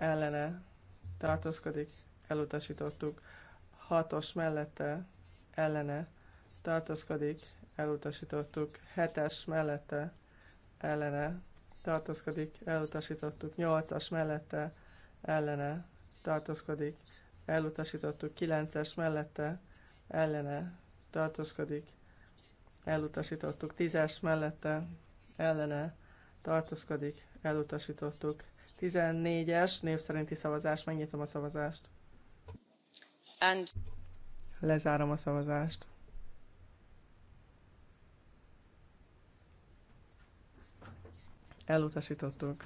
ellene tartózkodik, elutasítottuk. Hatos mellette ellene tartózkodik, elutasítottuk. Hetes mellette ellene tartózkodik, elutasítottuk. Nyolcas mellette ellene tartózkodik, elutasítottuk. Kilences mellette ellene tartózkodik, elutasítottuk. Tízes mellette ellene tartózkodik, elutasítottuk. 14-es név szerinti szavazást. Megnyitom a szavazást. And... Lezárom a szavazást. Elutasítottuk.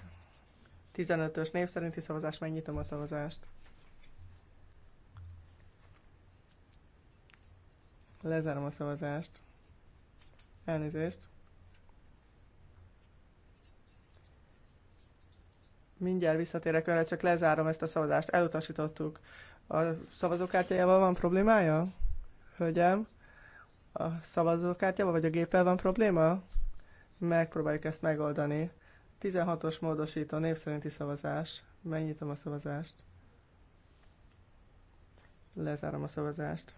15-ös név szerinti szavazást. Megnyitom a szavazást. Lezárom a szavazást. Elnézést. Mindjárt visszatérek önre, csak lezárom ezt a szavazást. Elutasítottuk. A szavazókártyájával van problémája? Hölgyem? A szavazókártyával vagy a géppel van probléma? Megpróbáljuk ezt megoldani. 16-os módosító név szerinti szavazás. Megnyitom a szavazást. Lezárom a szavazást.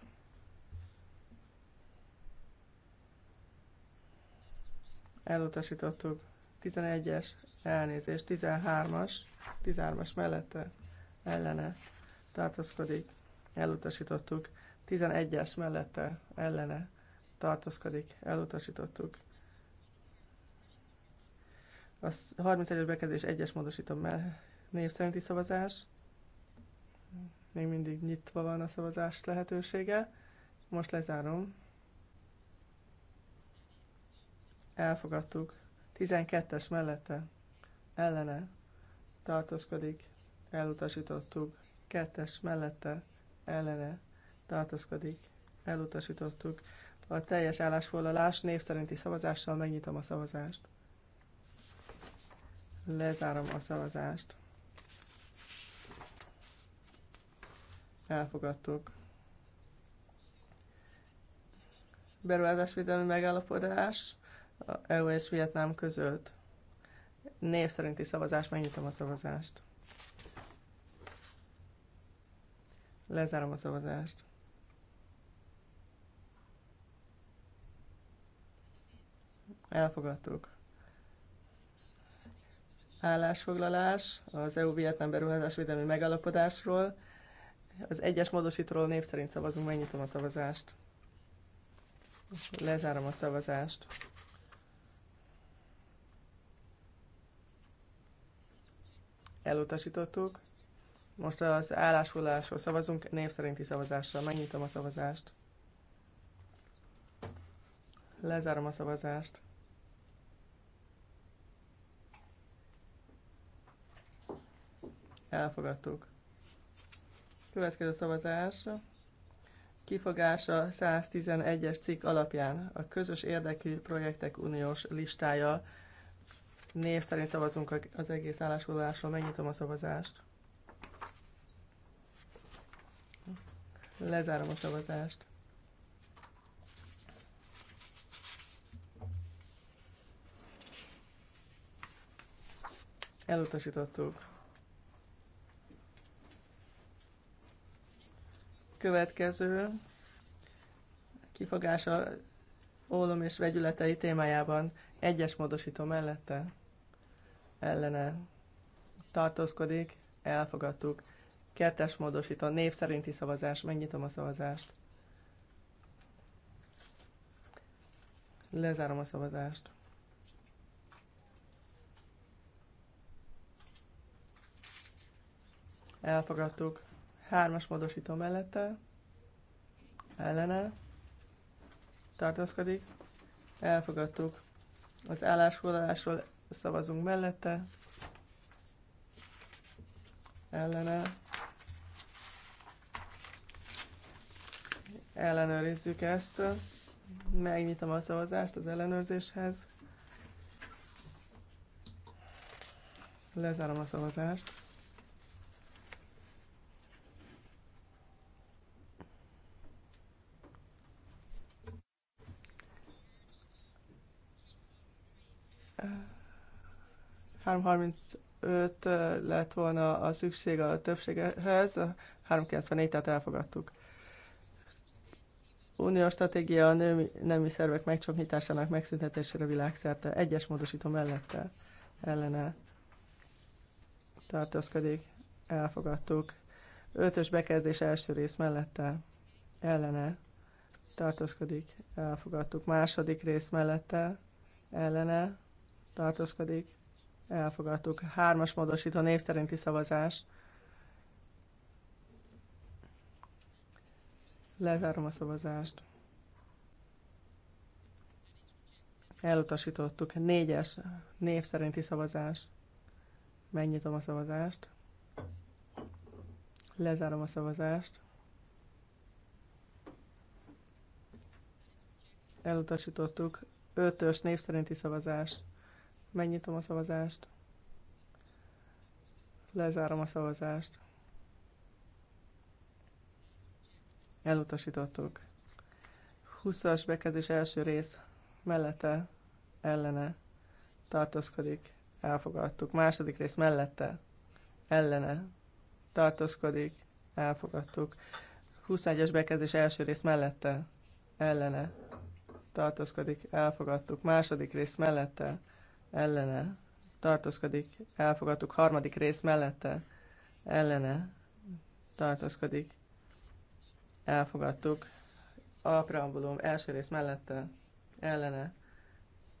Elutasítottuk. 11-es elnézést, 13-as, 13-as mellette ellene tartózkodik, elutasítottuk. 11-es mellette ellene tartózkodik, elutasítottuk. A 31-es bekezdés 1-es módosítom el. Név szerinti szavazás. Még mindig nyitva van a szavazás lehetősége. Most lezárom. Elfogadtuk. 12-es mellette ellene tartózkodik, elutasítottuk. Kettes mellette ellene tartózkodik, elutasítottuk. A teljes állásfoglalás név szerinti szavazással megnyitom a szavazást. Lezárom a szavazást. Elfogadtuk. Beruházásvédelmi megállapodás EU és Vietnám között Név szerinti szavazás, megnyitom a szavazást. Lezárom a szavazást. Elfogadtuk. Állásfoglalás az EU-Vietnám beruházásvédelmi megállapodásról. Az egyes módosítóról név szerint szavazunk, megnyitom a szavazást. Lezárom a szavazást. elutasítottuk. Most az állásfoglalásról szavazunk, név szerinti szavazással. Megnyitom a szavazást. Lezárom a szavazást. Elfogadtuk. Következő szavazás. Kifogása 111-es cikk alapján a közös érdekű projektek uniós listája Név szerint szavazunk az egész állásfoglalásról. Megnyitom a szavazást. Lezárom a szavazást. Elutasítottuk. Következő kifogása ólom és vegyületei témájában egyes módosító mellette ellene tartózkodik, elfogadtuk. Kettes módosító, név szerinti szavazás, megnyitom a szavazást. Lezárom a szavazást. Elfogadtuk. Hármas módosító mellette. Ellene. Tartózkodik. Elfogadtuk. Az állásfoglalásról Szavazunk mellette. Ellene. Ellenőrizzük ezt. Megnyitom a szavazást az ellenőrzéshez. Lezárom a szavazást. 335 lett volna a szükség a többséghez, 394, tehát elfogadtuk. Uniós stratégia a nő, nemi szervek megcsonkításának megszüntetésére világszerte. Egyes módosító mellette ellene tartózkodik. Elfogadtuk. Ötös bekezdés első rész mellette ellene tartózkodik. Elfogadtuk. Második rész mellette ellene tartózkodik. Elfogadtuk. Hármas módosító név szerinti szavazás. Lezárom a szavazást. Elutasítottuk. Négyes név szerinti szavazás. Megnyitom a szavazást. Lezárom a szavazást. Elutasítottuk. Ötös név szerinti szavazás. Megnyitom a szavazást. Lezárom a szavazást. Elutasítottuk. 20-as bekezdés első rész mellette, ellene tartózkodik, elfogadtuk. Második rész mellette, ellene tartózkodik, elfogadtuk. 21-es bekezdés első rész mellette, ellene tartózkodik, elfogadtuk. Második rész mellette, ellene tartózkodik, elfogadtuk. Harmadik rész mellette ellene tartózkodik, elfogadtuk. A preambulum első rész mellette ellene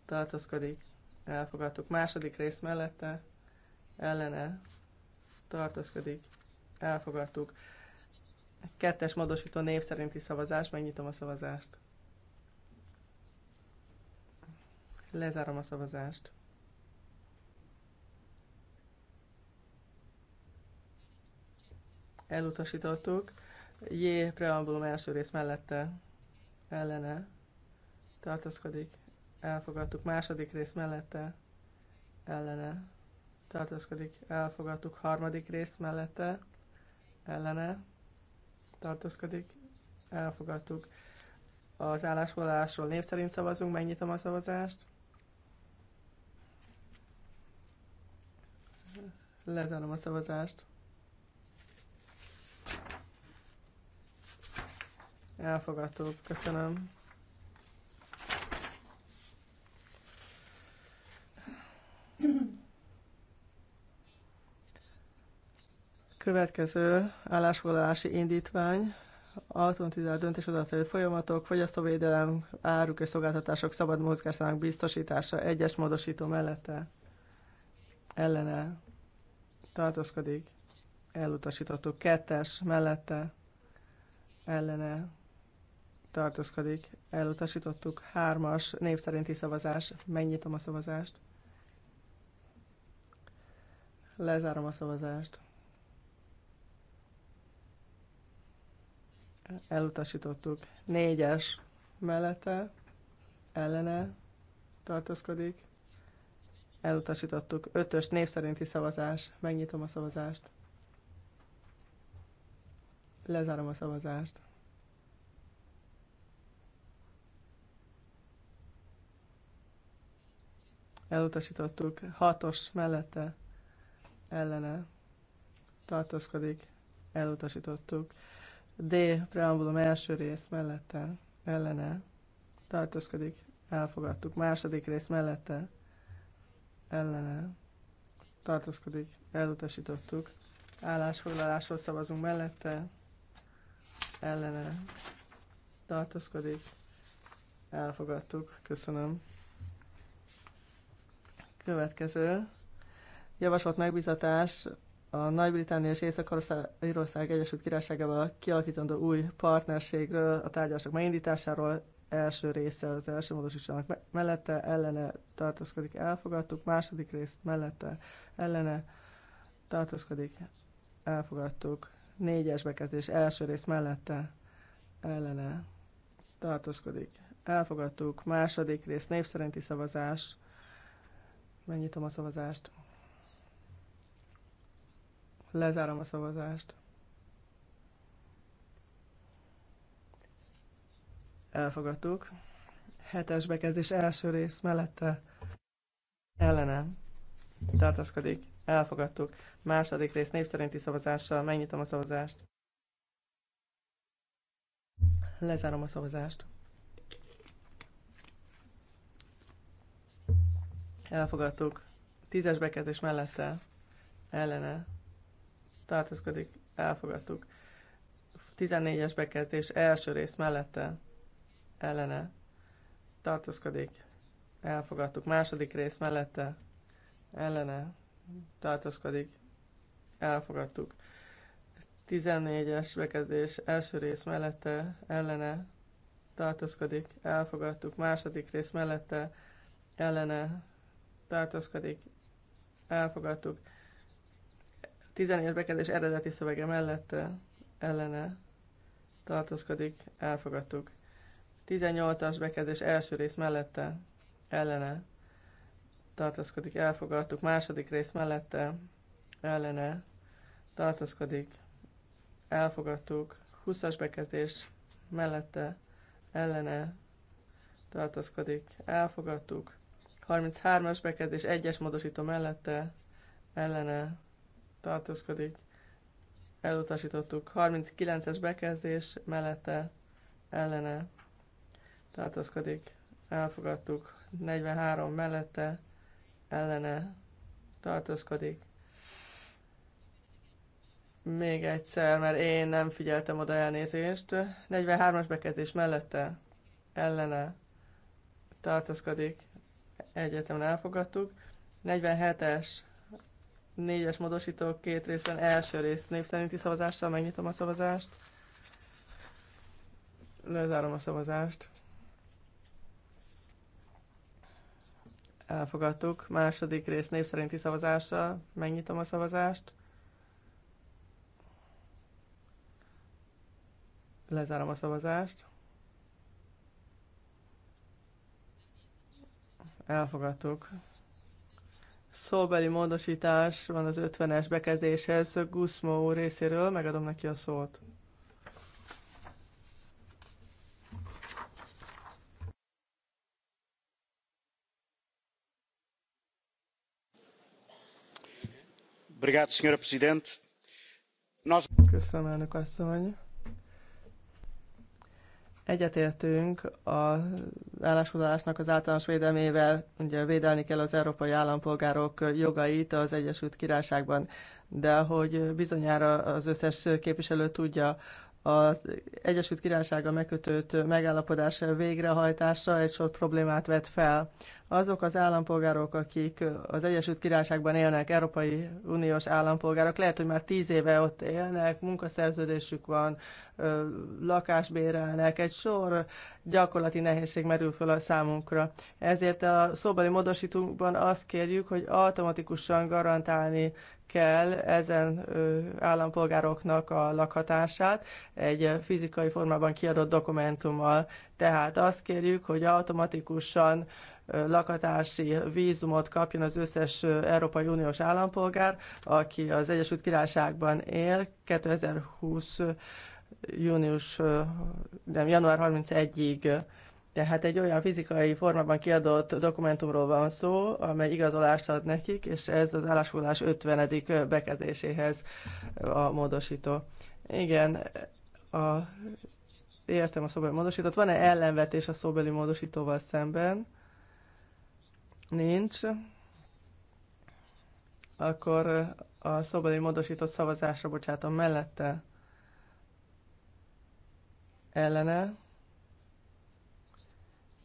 tartózkodik, elfogadtuk. Második rész mellette ellene tartózkodik, elfogadtuk. Kettes módosító név szerinti szavazás, megnyitom a szavazást. Lezárom a szavazást. elutasítottuk. J. preambulum első rész mellette ellene tartózkodik. Elfogadtuk második rész mellette ellene tartózkodik. Elfogadtuk harmadik rész mellette ellene tartózkodik. Elfogadtuk. Az állásfoglalásról név szerint szavazunk, megnyitom a szavazást. Lezárom a szavazást. Elfogadtuk. Köszönöm. Következő állásfoglalási indítvány, automatizált döntéshozatai folyamatok, fogyasztóvédelem, áruk és szolgáltatások szabad mozgásának biztosítása egyes módosító mellette ellene tartózkodik, elutasítottuk kettes mellette ellene tartózkodik. Elutasítottuk. Hármas név szerinti szavazás. Megnyitom a szavazást. Lezárom a szavazást. Elutasítottuk. Négyes mellette, ellene tartózkodik. Elutasítottuk. Ötös név szerinti szavazás. Megnyitom a szavazást. Lezárom a szavazást. elutasítottuk, hatos mellette ellene tartózkodik, elutasítottuk. D. Preambulum első rész mellette ellene tartózkodik, elfogadtuk. Második rész mellette ellene tartózkodik, elutasítottuk. Állásfoglalásról szavazunk mellette ellene tartózkodik, elfogadtuk. Köszönöm. Következő javasolt megbizatás a Nagy-Britannia és Észak-Írország Egyesült Királyságával kialakítandó új partnerségről, a tárgyalások megindításáról, első része az első módosítsanak mellette, ellene tartózkodik, elfogadtuk, második rész mellette, ellene tartózkodik, elfogadtuk, négyes bekezdés első rész mellette, ellene tartózkodik, elfogadtuk, második rész népszerinti szavazás, Megnyitom a szavazást. Lezárom a szavazást. Elfogadtuk. Hetes bekezdés első rész mellette ellenem tartaszkodik. Elfogadtuk. Második rész népszerinti szavazással. Megnyitom a szavazást. Lezárom a szavazást. Elfogadtuk. Tízes bekezdés mellette ellene tartózkodik. Elfogadtuk. 14-es bekezdés első rész mellette ellene tartózkodik. Elfogadtuk. Második rész mellette ellene tartózkodik. Elfogadtuk. 14-es bekezdés első rész mellette ellene tartózkodik. Elfogadtuk. Második rész mellette ellene tartózkodik, elfogadtuk. 14-es bekezdés eredeti szövege mellette, eh, ellene tartózkodik, elfogadtuk. 18-as bekezdés első rész mellette, ellene tartózkodik, elfogadtuk. Második rész mellette, ellene tartózkodik, elfogadtuk. 20-as bekezdés mellette, ellene tartózkodik, elfogadtuk. 33-as bekezdés 1-es módosító mellette ellene tartózkodik. Elutasítottuk. 39-es bekezdés mellette ellene tartózkodik. Elfogadtuk. 43 mellette ellene tartózkodik. Még egyszer, mert én nem figyeltem oda elnézést. 43-as bekezdés mellette ellene tartózkodik egyetemen elfogadtuk. 47-es, 4-es módosító két részben első rész népszerinti szavazással megnyitom a szavazást. Lezárom a szavazást. Elfogadtuk. Második rész népszerinti szavazással megnyitom a szavazást. Lezárom a szavazást. elfogadtuk. Szóbeli módosítás van az 50-es bekezdéshez Guzmó úr részéről, megadom neki a szót. Köszönöm, elnök asszony! Egyetértünk a állásfoglalásnak az általános védelmével, ugye védelni kell az európai állampolgárok jogait az Egyesült Királyságban, de hogy bizonyára az összes képviselő tudja, az Egyesült a megkötött megállapodás végrehajtása egy sor problémát vet fel azok az állampolgárok, akik az Egyesült Királyságban élnek, Európai Uniós állampolgárok, lehet, hogy már tíz éve ott élnek, munkaszerződésük van, lakásbérelnek, egy sor gyakorlati nehézség merül föl a számunkra. Ezért a szóbeli módosítunkban azt kérjük, hogy automatikusan garantálni kell ezen állampolgároknak a lakhatását egy fizikai formában kiadott dokumentummal. Tehát azt kérjük, hogy automatikusan lakatási vízumot kapjon az összes Európai Uniós állampolgár, aki az Egyesült Királyságban él 2020 június, nem, január 31-ig. Tehát egy olyan fizikai formában kiadott dokumentumról van szó, amely igazolást ad nekik, és ez az állásfoglalás 50. bekezdéséhez a módosító. Igen, a, értem a szóbeli módosítót. Van-e ellenvetés a szóbeli módosítóval szemben? Nincs. Akkor a szobeli módosított szavazásra bocsátom mellette. Ellene.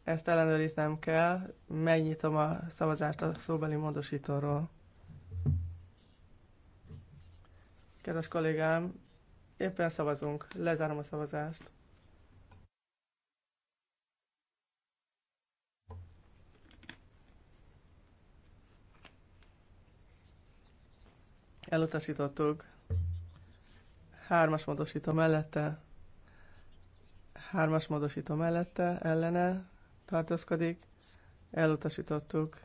Ezt ellenőriznem kell. Megnyitom a szavazást a szóbeli módosítóról. Kedves kollégám, éppen szavazunk. Lezárom a szavazást. Elutasítottuk. Hármas módosító mellette. Hármas módosító mellette, ellene tartózkodik. Elutasítottuk.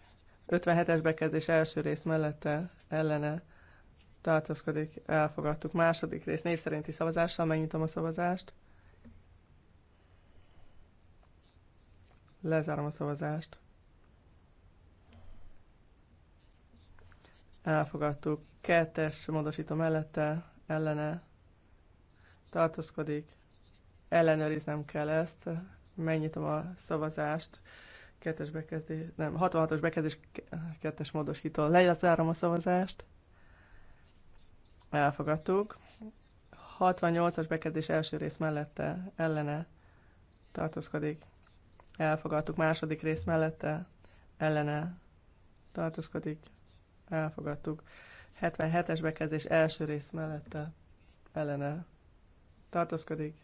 57-es bekezdés első rész mellette, ellene tartózkodik. Elfogadtuk. Második rész név szerinti szavazással. Megnyitom a szavazást. Lezárom a szavazást. elfogadtuk. Kettes módosító mellette, ellene tartózkodik. Ellenőriznem kell ezt. Megnyitom a szavazást. Kettes bekezdés, nem, 66-os bekezdés, kettes módosító. Lejátszárom a szavazást. Elfogadtuk. 68-as bekezdés első rész mellette, ellene tartózkodik. Elfogadtuk második rész mellette, ellene tartózkodik elfogadtuk. 77-es bekezdés első rész mellette ellene tartózkodik,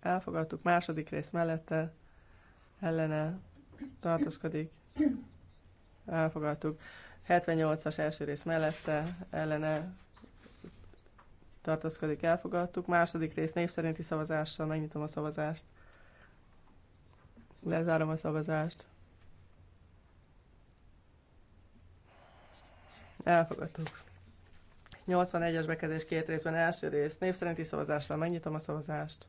elfogadtuk. Második rész mellette ellene tartózkodik, elfogadtuk. 78-as első rész mellette ellene tartózkodik, elfogadtuk. Második rész név szerinti szavazással megnyitom a szavazást. Lezárom a szavazást. elfogadtuk. 81-es bekezdés két részben, első rész, név szerinti szavazással megnyitom a szavazást.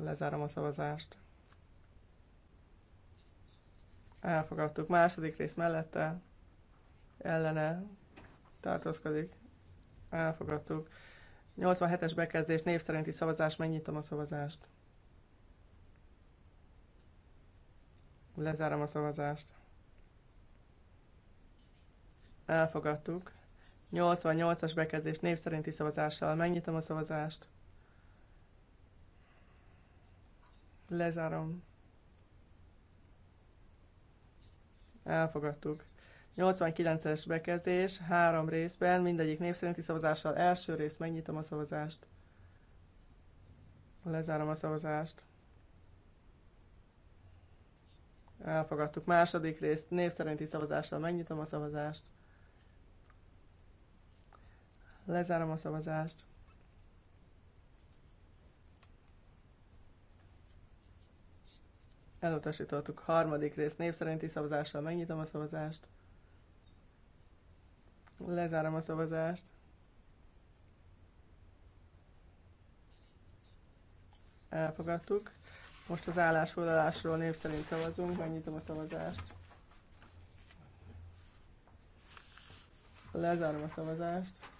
Lezárom a szavazást. Elfogadtuk. Második rész mellette, ellene tartózkodik. Elfogadtuk. 87-es bekezdés, név szerinti szavazás, megnyitom a szavazást. Lezárom a szavazást. Elfogadtuk. 88-as bekezdés név szerinti szavazással. Megnyitom a szavazást. Lezárom. Elfogadtuk. 89-es bekezdés, három részben, mindegyik név szerinti szavazással. Első rész, megnyitom a szavazást. Lezárom a szavazást. Elfogadtuk. Második részt, név szerinti szavazással megnyitom a szavazást. Lezárom a szavazást. Elutasítottuk harmadik rész név szerinti szavazással. Megnyitom a szavazást. Lezárom a szavazást. Elfogadtuk. Most az állásfoglalásról név szerint szavazunk. Megnyitom a szavazást. Lezárom a szavazást.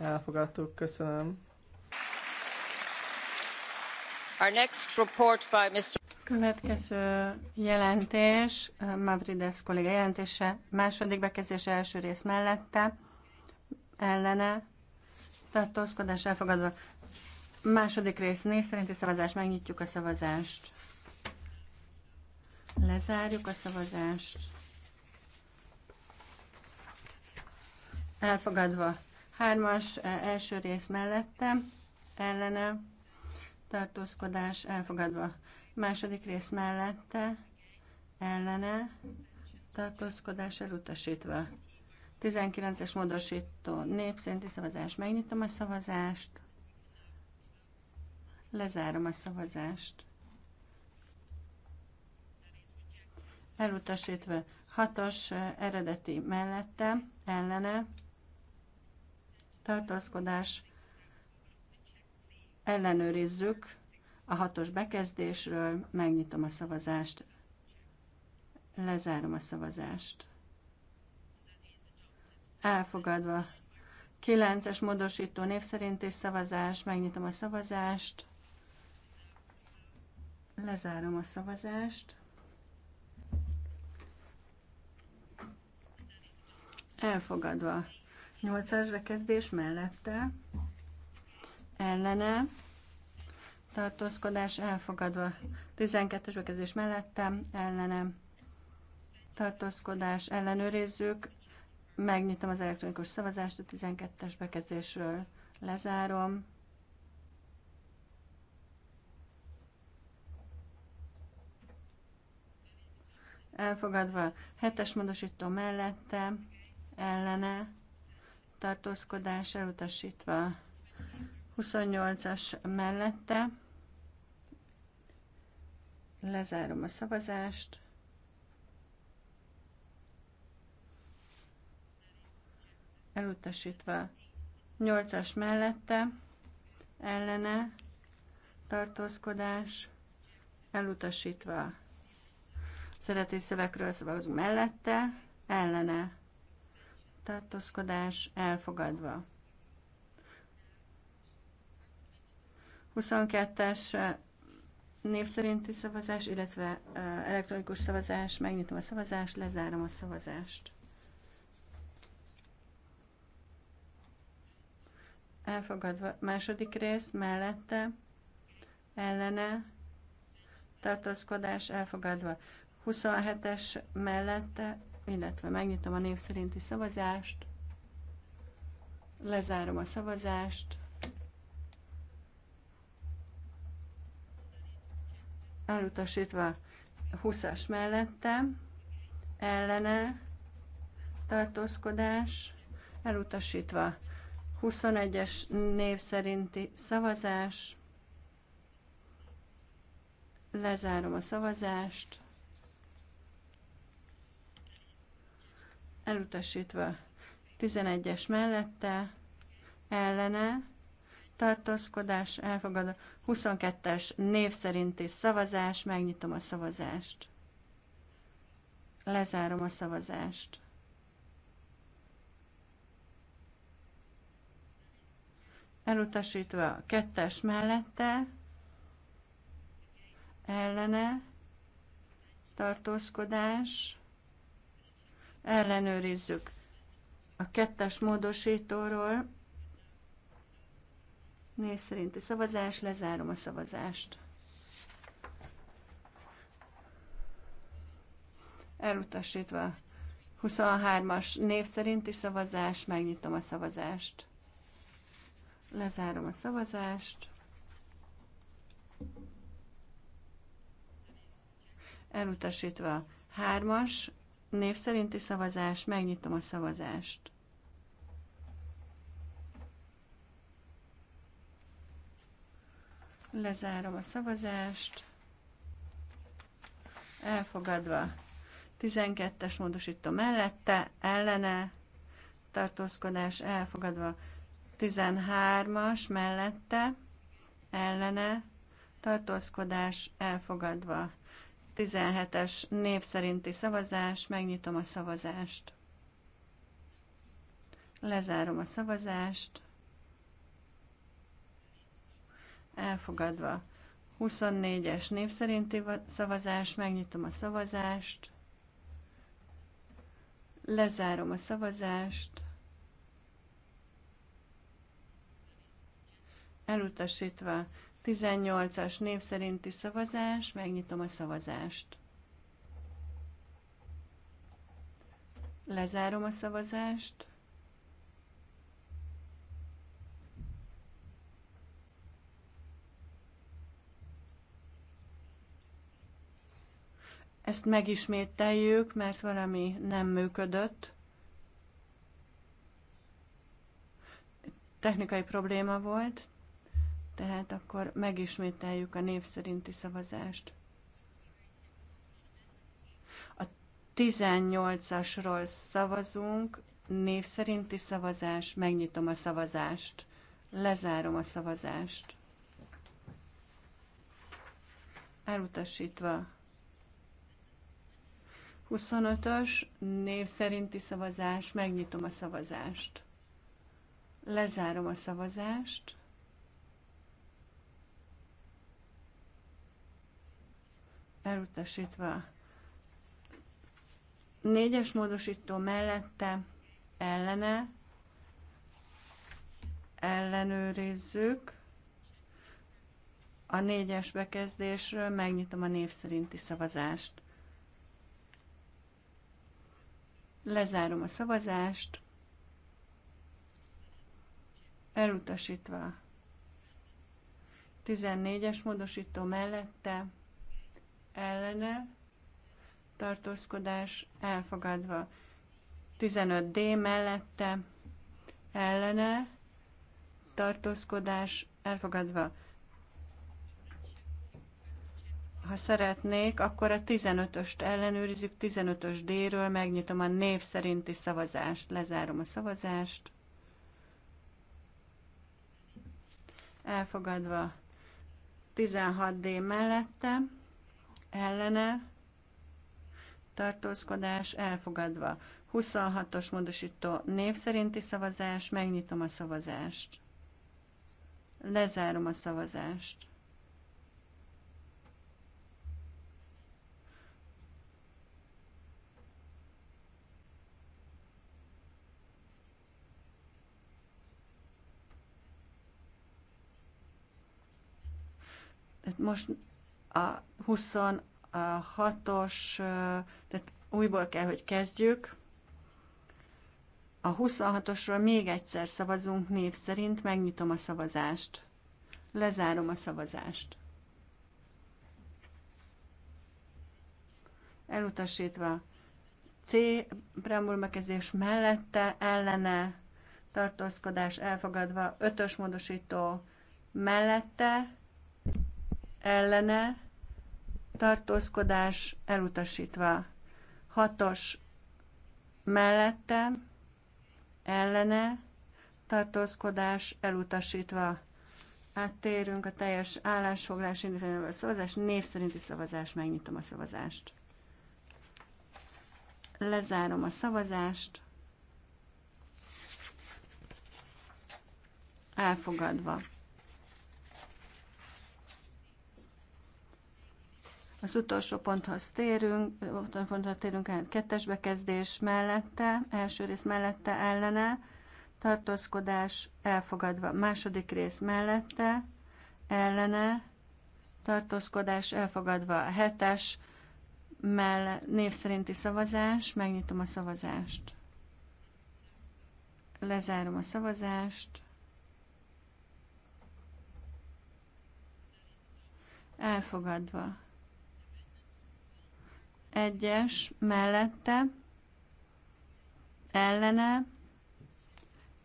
Elfogadtuk, köszönöm. Our next report by Mr. Következő jelentés, Mavrides kolléga jelentése, második bekezdés első rész mellette, ellene, tartózkodás elfogadva. Második rész néz szerinti szavazás, megnyitjuk a szavazást. Lezárjuk a szavazást. Elfogadva. Hármas e, első rész mellette, ellene, tartózkodás elfogadva. Második rész mellette, ellene, tartózkodás elutasítva. 19-es módosító népszerinti szavazás. Megnyitom a szavazást. Lezárom a szavazást. Elutasítva hatos e, eredeti mellette, ellene, tartózkodás. Ellenőrizzük a hatos bekezdésről, megnyitom a szavazást, lezárom a szavazást. Elfogadva. 9-es módosító név szerinti szavazás, megnyitom a szavazást, lezárom a szavazást. Elfogadva. 8 bekezdés mellette, ellene, tartózkodás elfogadva. 12-es bekezdés mellette, ellene, tartózkodás ellenőrizzük. Megnyitom az elektronikus szavazást a 12-es bekezdésről. Lezárom. Elfogadva. Hetes módosító mellette, ellene, tartózkodás elutasítva 28-as mellette. Lezárom a szavazást. Elutasítva 8-as mellette, ellene, tartózkodás, elutasítva. Szereti szövegről szavazunk mellette, ellene, tartózkodás elfogadva. 22-es eh, név szerinti szavazás, illetve eh, elektronikus szavazás, megnyitom a szavazást, lezárom a szavazást. Elfogadva második rész, mellette, ellene, tartózkodás elfogadva. 27-es mellette, illetve megnyitom a név szerinti szavazást, lezárom a szavazást, elutasítva 20-as mellette, ellene, tartózkodás, elutasítva 21-es név szerinti szavazás, lezárom a szavazást, elutasítva 11-es mellette, ellene, tartózkodás elfogadva, 22-es név szerinti szavazás, megnyitom a szavazást. Lezárom a szavazást. Elutasítva a kettes mellette, ellene, tartózkodás, ellenőrizzük. A kettes módosítóról név szerinti szavazás, lezárom a szavazást. Elutasítva 23-as név szerinti szavazás, megnyitom a szavazást. Lezárom a szavazást. Elutasítva 3-as név szerinti szavazás, megnyitom a szavazást. Lezárom a szavazást. Elfogadva. 12-es módosító mellette, ellene, tartózkodás elfogadva. 13-as mellette, ellene, tartózkodás elfogadva. 17-es név szerinti szavazás, megnyitom a szavazást. Lezárom a szavazást. Elfogadva. 24-es név szerinti szavazás, megnyitom a szavazást. Lezárom a szavazást. Elutasítva 18-as név szerinti szavazás, megnyitom a szavazást. Lezárom a szavazást. Ezt megismételjük, mert valami nem működött. Technikai probléma volt, tehát akkor megismételjük a név szerinti szavazást. A 18-asról szavazunk, név szerinti szavazás, megnyitom a szavazást, lezárom a szavazást. Elutasítva. 25-ös név szerinti szavazás, megnyitom a szavazást. Lezárom a szavazást. elutasítva. Négyes módosító mellette ellene ellenőrizzük. A négyes bekezdésről megnyitom a név szerinti szavazást. Lezárom a szavazást. Elutasítva. 14-es módosító mellette ellene tartózkodás elfogadva. 15D mellette ellene tartózkodás elfogadva. Ha szeretnék, akkor a 15-öst ellenőrizzük, 15-ös D-ről megnyitom a név szerinti szavazást, lezárom a szavazást. Elfogadva 16D mellette ellene tartózkodás elfogadva. 26-os módosító név szerinti szavazás, megnyitom a szavazást. Lezárom a szavazást. most a 26-os, tehát újból kell, hogy kezdjük. A 26-osról még egyszer szavazunk név szerint, megnyitom a szavazást. Lezárom a szavazást. Elutasítva C preambul bekezdés mellette, ellene, tartózkodás elfogadva, ötös módosító mellette, ellene, tartózkodás elutasítva. Hatos mellette, ellene, tartózkodás elutasítva. Áttérünk a teljes állásfoglás indítványról szavazás. Név szerinti szavazás. Megnyitom a szavazást. Lezárom a szavazást. Elfogadva. Az utolsó ponthoz térünk, utolsó ponthoz térünk el kettes bekezdés mellette, első rész mellette ellene, tartózkodás elfogadva. Második rész mellette, ellene, tartózkodás elfogadva. A hetes mell név szerinti szavazás, megnyitom a szavazást. Lezárom a szavazást. Elfogadva egyes mellette, ellene,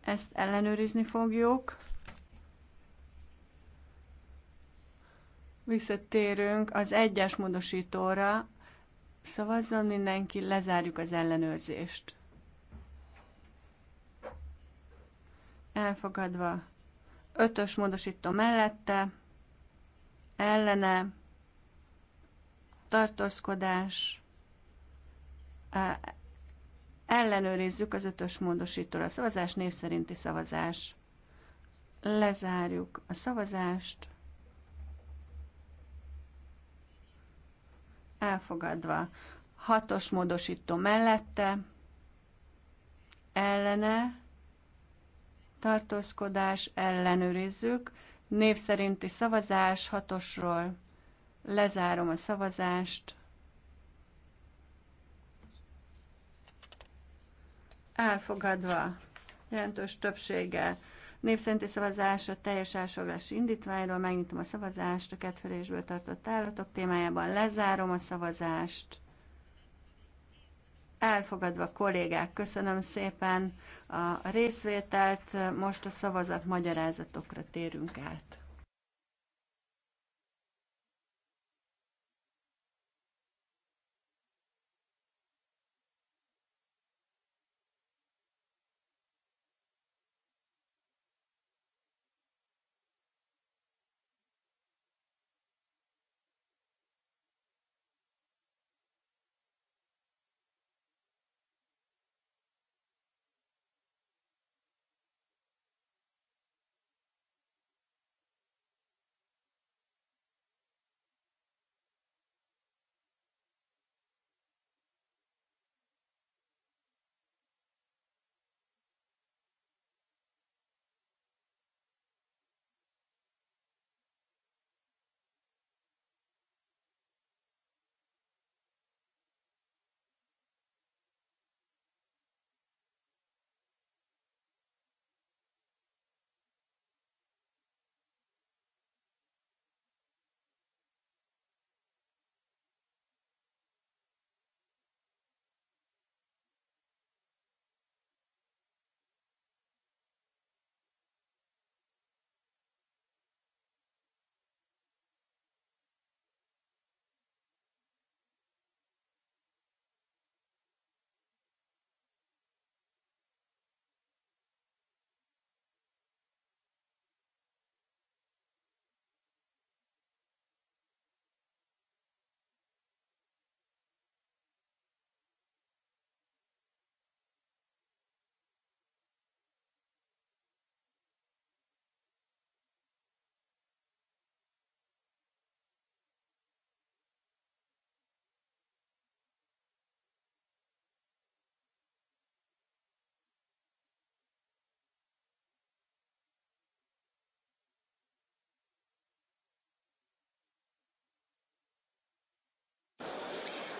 ezt ellenőrizni fogjuk. Visszatérünk az egyes módosítóra, szavazzon mindenki, lezárjuk az ellenőrzést. Elfogadva. Ötös módosító mellette, ellene, tartózkodás, ellenőrizzük az ötös módosítóra. A szavazás név szerinti szavazás. Lezárjuk a szavazást. Elfogadva. Hatos módosító mellette. Ellene. Tartózkodás. Ellenőrizzük. Név szerinti szavazás hatosról. Lezárom a szavazást. elfogadva jelentős többséggel. Népszerinti szavazás a teljes elsorolás indítványról. Megnyitom a szavazást a kedvelésből tartott állatok témájában. Lezárom a szavazást. Elfogadva kollégák, köszönöm szépen a részvételt. Most a szavazat magyarázatokra térünk át.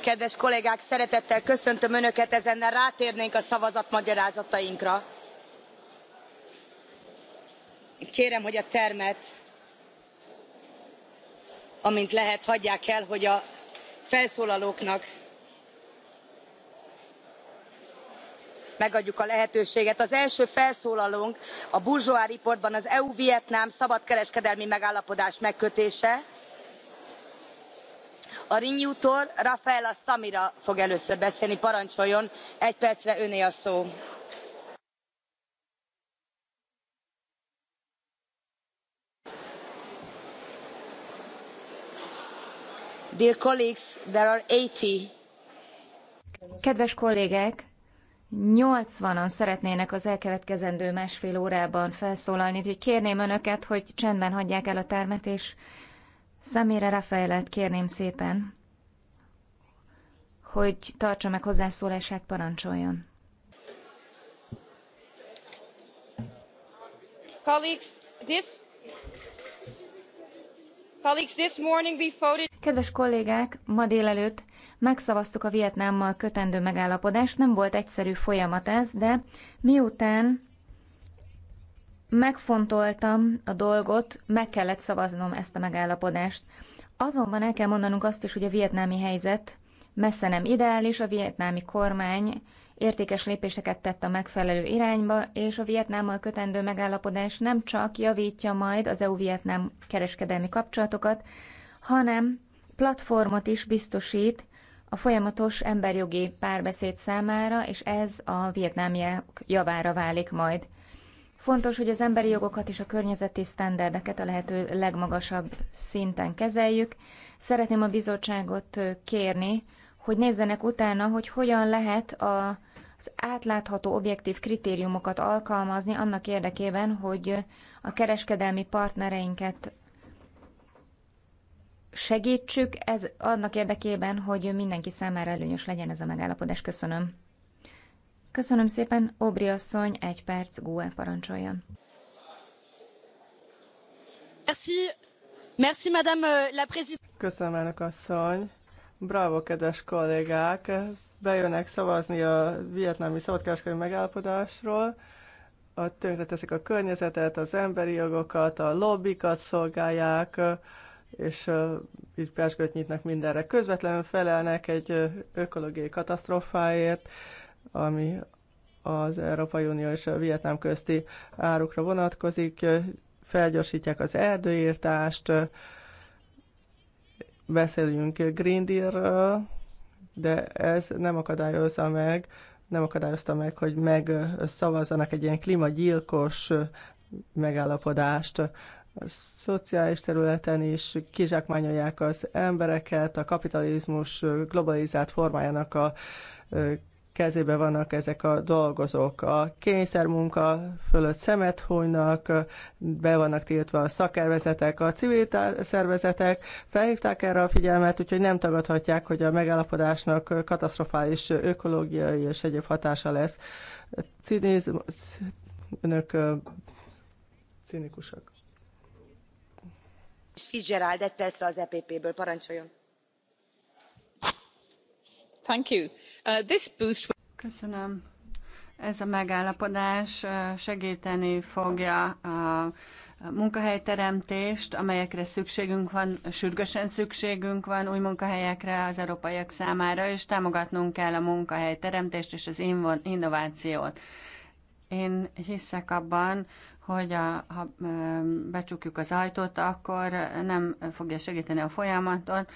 kedves kollégák szeretettel köszöntöm önöket ezennel rátérnénk a szavazatmagyarázatainkra. kérem hogy a termet amint lehet hagyják el hogy a felszólalóknak megadjuk a lehetőséget. az első felszólalónk a bourgeois reportban az eu vietnám szabadkereskedelmi megállapodás megkötése a renew tól rafaela samira fog először beszélni parancsoljon egy percre öné a szó. Dear colleagues, there are 80. Kedves kollégek, 80-an szeretnének az elkövetkezendő másfél órában felszólalni, úgyhogy kérném önöket, hogy csendben hagyják el a termet, és Szemére Rafaelet kérném szépen, hogy tartsa meg hozzászólását, parancsoljon. Kedves kollégák, ma délelőtt megszavaztuk a Vietnámmal kötendő megállapodást. Nem volt egyszerű folyamat ez, de miután megfontoltam a dolgot, meg kellett szavaznom ezt a megállapodást. Azonban el kell mondanunk azt is, hogy a vietnámi helyzet messze nem ideális, a vietnámi kormány értékes lépéseket tett a megfelelő irányba, és a Vietnámmal kötendő megállapodás nem csak javítja majd az EU-Vietnám kereskedelmi kapcsolatokat, hanem platformot is biztosít a folyamatos emberjogi párbeszéd számára, és ez a vietnámiak javára válik majd. Fontos, hogy az emberi jogokat és a környezeti sztenderdeket a lehető legmagasabb szinten kezeljük. Szeretném a bizottságot kérni, hogy nézzenek utána, hogy hogyan lehet a, az átlátható objektív kritériumokat alkalmazni annak érdekében, hogy a kereskedelmi partnereinket segítsük, ez annak érdekében, hogy mindenki számára előnyös legyen ez a megállapodás. Köszönöm. Köszönöm szépen, Obri asszony, egy perc, Google parancsoljon. Merci. Merci, madame euh, la Köszönöm, elnök asszony. Bravo, kedves kollégák! Bejönnek szavazni a vietnámi szabadkereskedelmi megállapodásról, a tönkreteszik a környezetet, az emberi jogokat, a lobbikat szolgálják, és így persgőt nyitnak mindenre. Közvetlenül felelnek egy ökológiai katasztrófáért, ami az Európai Unió és a Vietnám közti árukra vonatkozik, felgyorsítják az erdőírtást, beszélünk Green Deal-ről, de ez nem akadályozza meg, nem akadályozta meg, hogy megszavazzanak egy ilyen klímagyilkos megállapodást. A szociális területen is kizsákmányolják az embereket, a kapitalizmus globalizált formájának a kezében vannak ezek a dolgozók. A kényszermunka fölött szemet hújnak, be vannak tiltva a szakervezetek, a civil szervezetek, felhívták erre a figyelmet, úgyhogy nem tagadhatják, hogy a megállapodásnak katasztrofális ökológiai és egyéb hatása lesz. Cinizm, önök cinikusak. Fitzgerald egy percre az EPP-ből parancsoljon Uh, Köszönöm. Ez a megállapodás uh, segíteni fogja a munkahelyteremtést, amelyekre szükségünk van, sürgősen szükségünk van új munkahelyekre az európaiak számára, és támogatnunk kell a munkahelyteremtést és az innovációt. Én hiszek abban, hogy a, ha becsukjuk az ajtót, akkor nem fogja segíteni a folyamatot,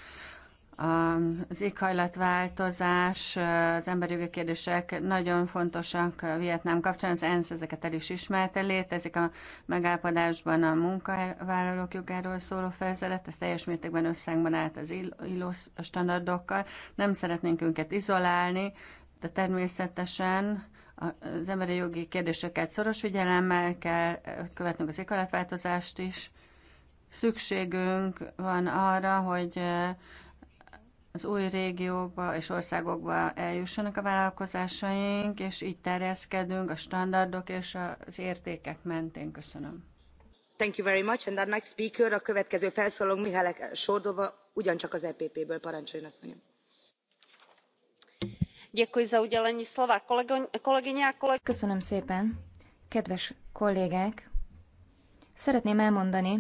az éghajlatváltozás, az jogi kérdések nagyon fontosak Vietnám kapcsán, az ENSZ ezeket el is ismerte, létezik a megállapodásban a munkavállalók jogáról szóló felzelet, ez teljes mértékben összhangban állt az illó standardokkal, nem szeretnénk őket izolálni, de természetesen az emberi jogi kérdéseket szoros figyelemmel kell eh, követnünk az éghajlatváltozást is, szükségünk van arra, hogy eh, az új régiókba és országokba eljussanak a vállalkozásaink, és így terjeszkedünk a standardok és az értékek mentén. Köszönöm. Thank you very much. And our next speaker, a következő felszólaló Mihály Sordova, ugyancsak az EPP-ből. Parancsoljon, asszonyom. Köszönöm szépen. Kedves kollégák, szeretném elmondani,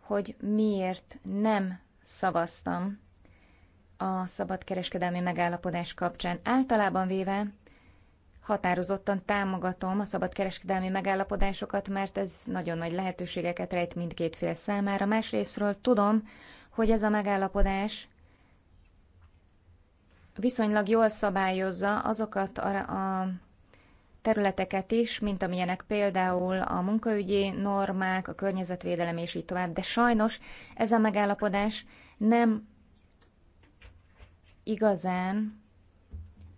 hogy miért nem szavaztam a szabadkereskedelmi megállapodás kapcsán. Általában véve határozottan támogatom a szabadkereskedelmi megállapodásokat, mert ez nagyon nagy lehetőségeket rejt mindkét fél számára. Másrésztről tudom, hogy ez a megállapodás viszonylag jól szabályozza azokat a, a területeket is, mint amilyenek például a munkaügyi normák, a környezetvédelem és így tovább, de sajnos ez a megállapodás nem igazán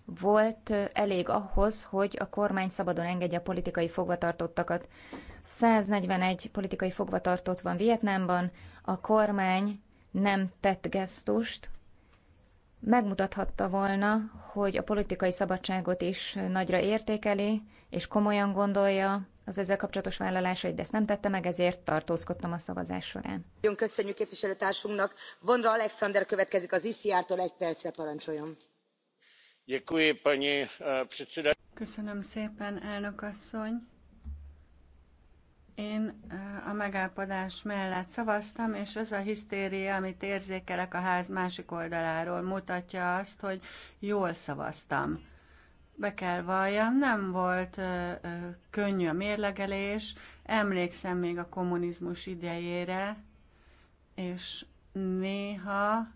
volt elég ahhoz, hogy a kormány szabadon engedje a politikai fogvatartottakat. 141 politikai fogvatartott van Vietnámban, a kormány nem tett gesztust, megmutathatta volna, hogy a politikai szabadságot is nagyra értékeli, és komolyan gondolja, az ezzel kapcsolatos vállalásait, de ezt nem tette meg, ezért tartózkodtam a szavazás során. Nagyon köszönjük képviselőtársunknak. Vonra Alexander következik az ICR-tól, egy percre parancsoljon. Eh, Köszönöm szépen, elnök asszony. Én eh, a megállapodás mellett szavaztam, és az a hisztéria, amit érzékelek a ház másik oldaláról, mutatja azt, hogy jól szavaztam be kell valljam, nem volt ö, ö, könnyű a mérlegelés, emlékszem még a kommunizmus idejére, és néha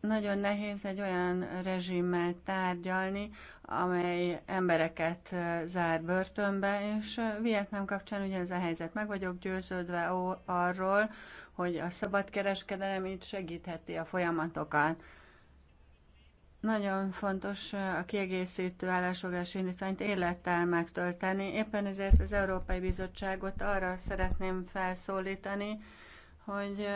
nagyon nehéz egy olyan rezsimmel tárgyalni, amely embereket zár börtönbe, és Vietnám kapcsán ugyanez a helyzet. Meg vagyok győződve arról, hogy a szabadkereskedelem így segítheti a folyamatokat. Nagyon fontos a kiegészítő állásfoglalási indítványt élettel megtölteni. Éppen ezért az Európai Bizottságot arra szeretném felszólítani, hogy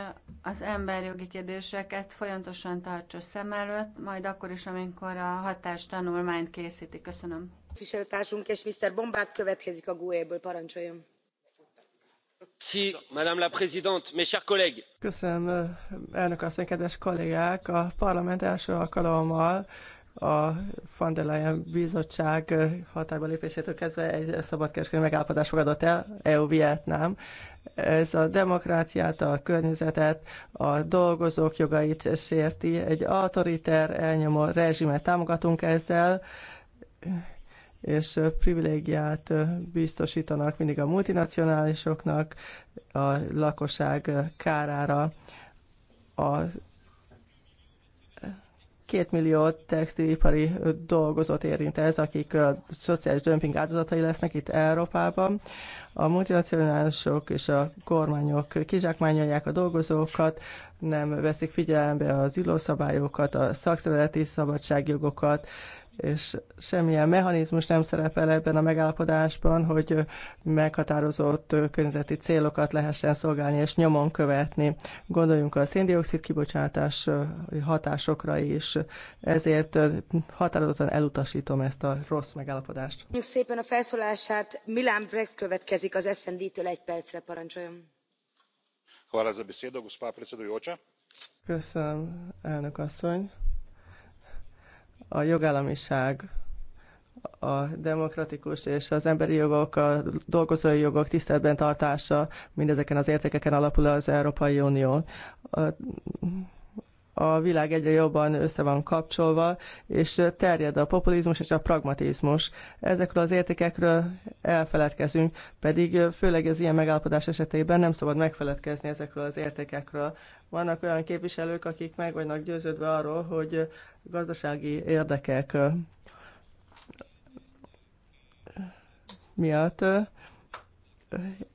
az emberjogi kérdéseket folyamatosan tartsa szem előtt, majd akkor is, amikor a hatástanulmányt készíti. Köszönöm. Képviselőtársunk és Mr. Bombát következik a GUE-ből, parancsoljon köszönöm elnök asszony kedves kollégák! a parlament első alkalommal a von der Leyen bizottság hatályba lépésétől kezdve egy szabadkereskedelmi megállapodást fogadott el, EU-Vietnám. Ez a demokráciát, a környezetet, a dolgozók jogait sérti. Egy autoriter, elnyomó rezsimet támogatunk ezzel és privilégiát biztosítanak mindig a multinacionálisoknak, a lakosság kárára. A két millió textilipari dolgozót érint ez, akik a szociális dömping áldozatai lesznek itt Európában. A multinacionálisok és a kormányok kizsákmányolják a dolgozókat, nem veszik figyelembe az illószabályokat, a szakszervezeti szabadságjogokat, és semmilyen mechanizmus nem szerepel ebben a megállapodásban, hogy meghatározott környezeti célokat lehessen szolgálni és nyomon követni. Gondoljunk a széndiokszid kibocsátás hatásokra is, ezért határozottan elutasítom ezt a rossz megállapodást. Köszönjük szépen a felszólását. Milán Brex következik az SND-től egy percre, parancsoljon. Köszönöm, elnök asszony a jogállamiság, a demokratikus és az emberi jogok, a dolgozói jogok tiszteletben tartása, mindezeken az értékeken alapul az Európai Unió. A a világ egyre jobban össze van kapcsolva, és terjed a populizmus és a pragmatizmus. Ezekről az értékekről elfeledkezünk, pedig főleg az ilyen megállapodás esetében nem szabad megfeledkezni ezekről az értékekről. Vannak olyan képviselők, akik meg vannak győződve arról, hogy gazdasági érdekek miatt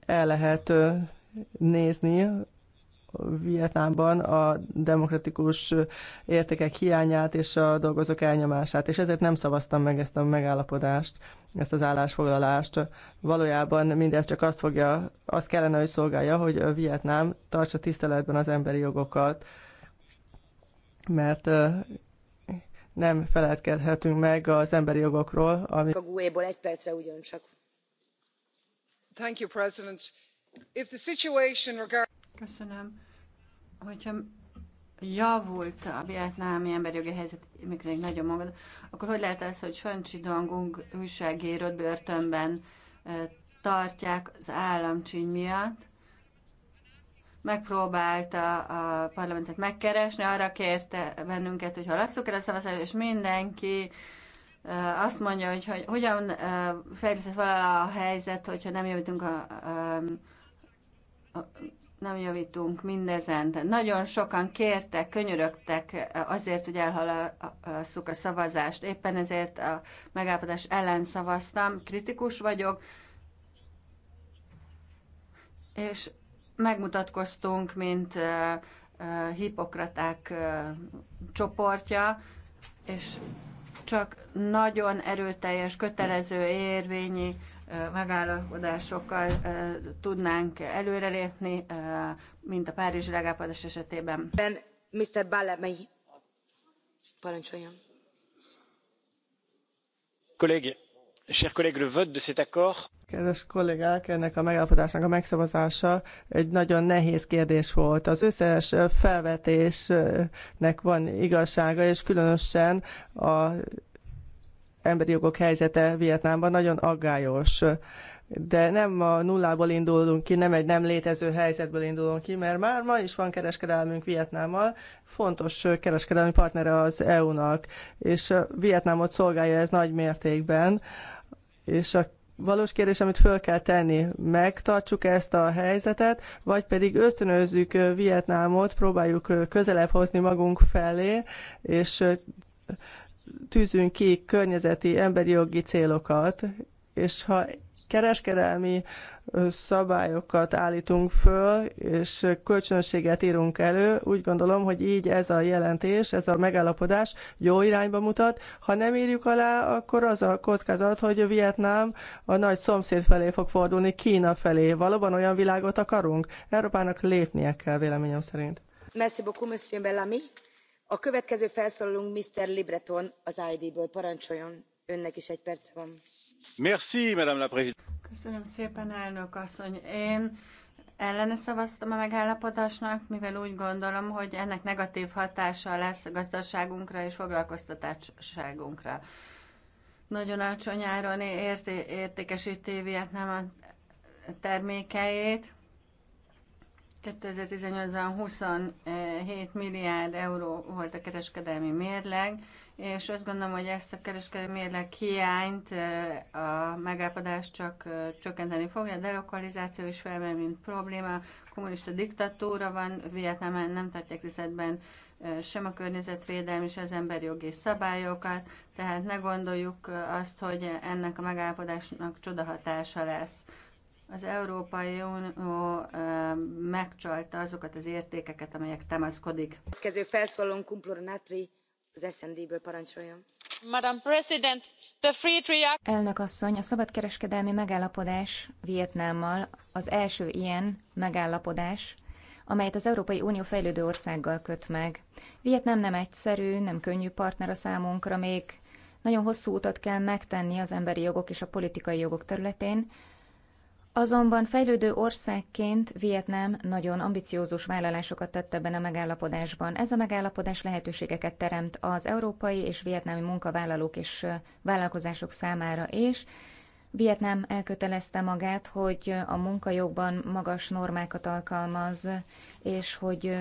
el lehet nézni Vietnámban a demokratikus értékek hiányát és a dolgozók elnyomását, és ezért nem szavaztam meg ezt a megállapodást, ezt az állásfoglalást. Valójában mindez csak azt, fogja, azt kellene, hogy szolgálja, hogy a Vietnám tartsa tiszteletben az emberi jogokat, mert nem feledkedhetünk meg az emberi jogokról. Ami... A GUE-ból egy percre ugyancsak. Thank you, President. If the situation regarding Köszönöm. Hogyha javult a vietnámi emberjogi helyzet, mikor még nagyon magad, akkor hogy lehet ez, hogy Söncsi Dongung újságírót börtönben tartják az államcsíny miatt? megpróbálta a parlamentet megkeresni, arra kérte bennünket, hogy halasszuk el a szavazást, és mindenki azt mondja, hogy, hogy hogyan fejlődhet vala a helyzet, hogyha nem jövünk a, a, a nem javítunk mindezen. nagyon sokan kértek, könyörögtek azért, hogy elhalasszuk a szavazást. Éppen ezért a megállapodás ellen szavaztam, kritikus vagyok, és megmutatkoztunk, mint uh, uh, hipokraták uh, csoportja, és csak nagyon erőteljes, kötelező érvényi megállapodásokkal tudnánk előrelépni, mint a Párizsi legállapodás esetében. Ben, Mr. Balemei, parancsoljon. Kollégi, chers le vote de cet accord kedves kollégák, ennek a megállapodásnak a megszavazása egy nagyon nehéz kérdés volt. Az összes felvetésnek van igazsága, és különösen a emberi jogok helyzete Vietnámban nagyon aggályos. De nem a nullából indulunk ki, nem egy nem létező helyzetből indulunk ki, mert már ma is van kereskedelmünk Vietnámmal, fontos kereskedelmi partnere az EU-nak, és Vietnámot szolgálja ez nagy mértékben, és a valós kérdés, amit föl kell tenni, megtartsuk ezt a helyzetet, vagy pedig ösztönözzük Vietnámot, próbáljuk közelebb hozni magunk felé, és tűzünk ki környezeti, emberi jogi célokat, és ha kereskedelmi szabályokat állítunk föl, és kölcsönösséget írunk elő. Úgy gondolom, hogy így ez a jelentés, ez a megállapodás jó irányba mutat. Ha nem írjuk alá, akkor az a kockázat, hogy a Vietnám a nagy szomszéd felé fog fordulni, Kína felé. Valóban olyan világot akarunk? Európának lépnie kell, véleményem szerint. Merci beaucoup, monsieur Bellamy a következő felszólalónk mr az parancsoljon is egy van. köszönöm szépen elnök asszony én ellene szavaztam a megállapodásnak mivel úgy gondolom hogy ennek negatív hatása lesz a gazdaságunkra és foglalkoztatottságunkra. nagyon alacsony áron értékesti értékesíti vietnám a termékeit 2018-ban 27 milliárd euró volt a kereskedelmi mérleg, és azt gondolom, hogy ezt a kereskedelmi mérleg hiányt a megállapodás csak csökkenteni fogja. A delokalizáció is felmerül, mint probléma. Kommunista diktatúra van, Vietnámán nem tartják tiszteletben sem a környezetvédelmi, sem az emberi jogi szabályokat, tehát ne gondoljuk azt, hogy ennek a megállapodásnak csodahatása lesz. Az Európai Unió megcsalta azokat az értékeket, amelyek támaszkodik. Következő felszólalunk Kumplor Natri, az SND-ből parancsoljon. Madam President, the free triad... Elnök asszony, a szabadkereskedelmi megállapodás Vietnámmal az első ilyen megállapodás, amelyet az Európai Unió fejlődő országgal köt meg. Vietnám nem egyszerű, nem könnyű partner a számunkra, még nagyon hosszú utat kell megtenni az emberi jogok és a politikai jogok területén, Azonban fejlődő országként Vietnám nagyon ambiciózus vállalásokat tett ebben a megállapodásban. Ez a megállapodás lehetőségeket teremt az európai és vietnámi munkavállalók és vállalkozások számára és Vietnám elkötelezte magát, hogy a munkajogban magas normákat alkalmaz, és hogy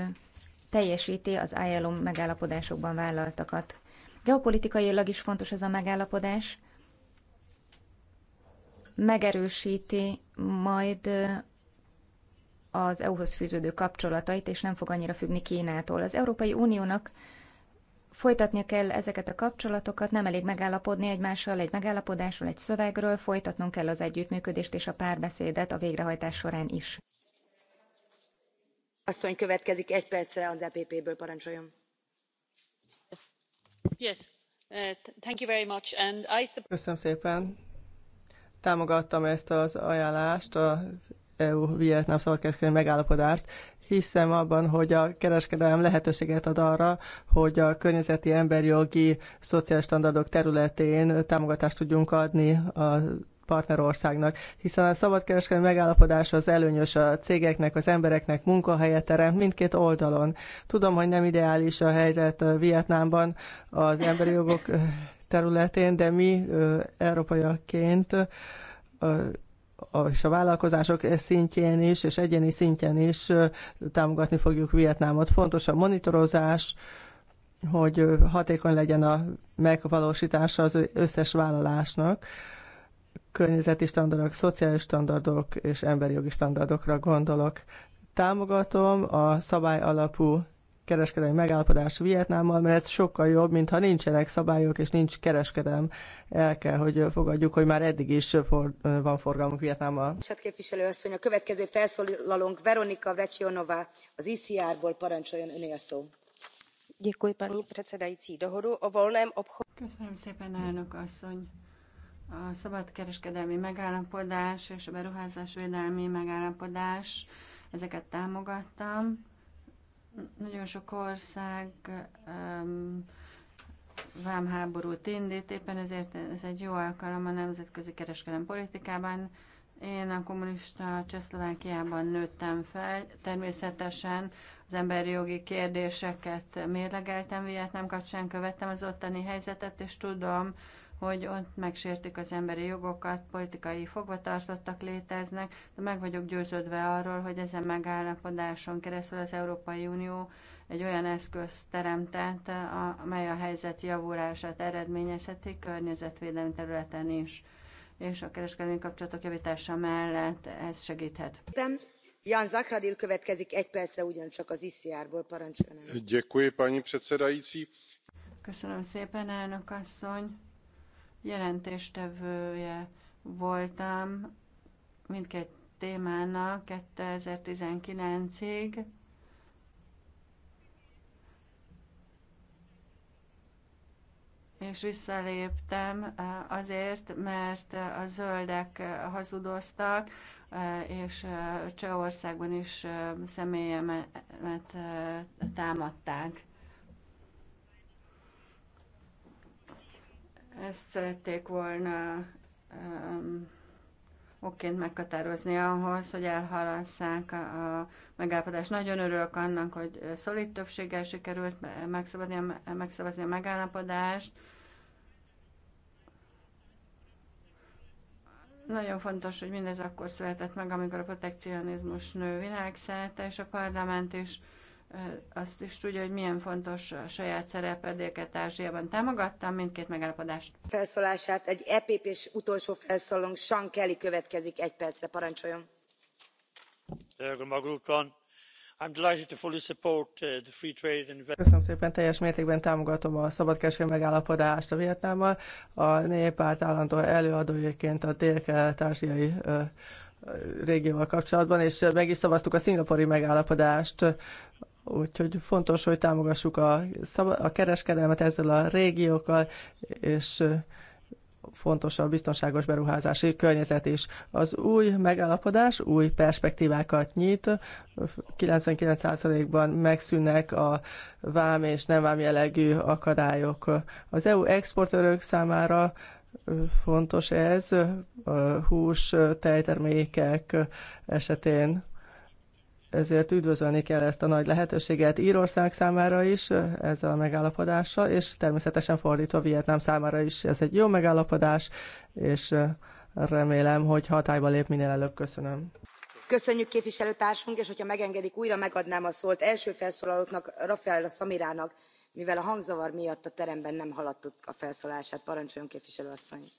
teljesíti az ILO megállapodásokban vállaltakat. Geopolitikailag is fontos ez a megállapodás, megerősíti majd az EU-hoz fűződő kapcsolatait, és nem fog annyira függni Kínától. Az Európai Uniónak folytatnia kell ezeket a kapcsolatokat, nem elég megállapodni egymással, egy megállapodásról, egy szövegről, folytatnunk kell az együttműködést és a párbeszédet a végrehajtás során is. Asszony következik egy percre az EPP-ből, parancsoljon. Yes. Uh, thank you very much. And I... Köszönöm szépen támogattam ezt az ajánlást, az EU-Vietnám szabadkereskedelmi megállapodást, hiszem abban, hogy a kereskedelem lehetőséget ad arra, hogy a környezeti, emberjogi, szociális standardok területén támogatást tudjunk adni a partnerországnak, hiszen a szabadkereskedelmi megállapodás az előnyös a cégeknek, az embereknek munkahelyet teremt mindkét oldalon. Tudom, hogy nem ideális a helyzet Vietnámban, az emberi jogok területén, de mi európaiaként és a vállalkozások szintjén is, és egyéni szintjén is támogatni fogjuk Vietnámot. Fontos a monitorozás, hogy hatékony legyen a megvalósítása az összes vállalásnak, környezeti standardok, szociális standardok és emberi jogi standardokra gondolok. Támogatom a szabály alapú kereskedelmi megállapodás Vietnámmal, mert ez sokkal jobb, mintha nincsenek szabályok és nincs kereskedelem. El kell, hogy fogadjuk, hogy már eddig is for, van forgalmunk Vietnámmal. Képviselő asszony, a következő felszólalónk Veronika Vrecionová, az ICR-ból parancsoljon öné a szó. Köszönöm szépen, elnök asszony. A szabadkereskedelmi megállapodás és a beruházás védelmi megállapodás, ezeket támogattam nagyon sok ország um, vámháborút indít, éppen ezért ez egy jó alkalom a nemzetközi kereskedelem politikában. Én a kommunista Csehszlovákiában nőttem fel, természetesen az emberi jogi kérdéseket mérlegeltem Vietnám kapcsán, követtem az ottani helyzetet, és tudom, hogy ott megsértik az emberi jogokat, politikai fogvatartottak léteznek, de meg vagyok győződve arról, hogy ezen megállapodáson keresztül az Európai Unió egy olyan eszköz teremtett, amely a helyzet javulását eredményezheti környezetvédelmi területen is és a kereskedelmi kapcsolatok javítása mellett ez segíthet. Jan Zakradil következik egy percre ugyancsak az ICR-ból, parancsoljon. Köszönöm szépen, elnök asszony jelentéstevője voltam mindkét témának 2019-ig. és visszaléptem eh, azért, mert a zöldek eh, hazudoztak, eh, és Csehországban is személyemet támadták. Ezt szerették volna um, okként meghatározni ahhoz, hogy elhalasszák a, a megállapodást. Nagyon örülök annak, hogy szolid többséggel sikerült megszavazni a, megszavazni a megállapodást. Nagyon fontos, hogy mindez akkor született meg, amikor a protekcionizmus nő világszerte, és a parlament is azt is tudja, hogy milyen fontos a saját szerepe dél ázsiában Támogattam mindkét megállapodást. Felszólását egy epp és utolsó felszólalónk Sean Kelly következik egy percre. Parancsoljon! Köszönöm szépen, teljes mértékben támogatom a szabadkereskedelmi megállapodást a Vietnámmal. A néppárt állandó előadójaként a délkelet ázsiai régióval kapcsolatban, és meg is szavaztuk a szingapori megállapodást Úgyhogy fontos, hogy támogassuk a, a kereskedelmet ezzel a régiókkal, és fontos a biztonságos beruházási környezet is. Az új megállapodás új perspektívákat nyit, 99%-ban megszűnnek a vám és nem vám jellegű akadályok. Az EU exportőrök számára fontos ez, hús, tejtermékek esetén ezért üdvözölni kell ezt a nagy lehetőséget Írország számára is, ez a megállapodása, és természetesen fordítva Vietnám számára is. Ez egy jó megállapodás, és remélem, hogy hatályba lép minél előbb. Köszönöm. Köszönjük képviselőtársunk, és hogyha megengedik, újra megadnám a szót első felszólalóknak, Rafael Szamirának, mivel a hangzavar miatt a teremben nem haladtuk a felszólását. Parancsoljon képviselő asszony!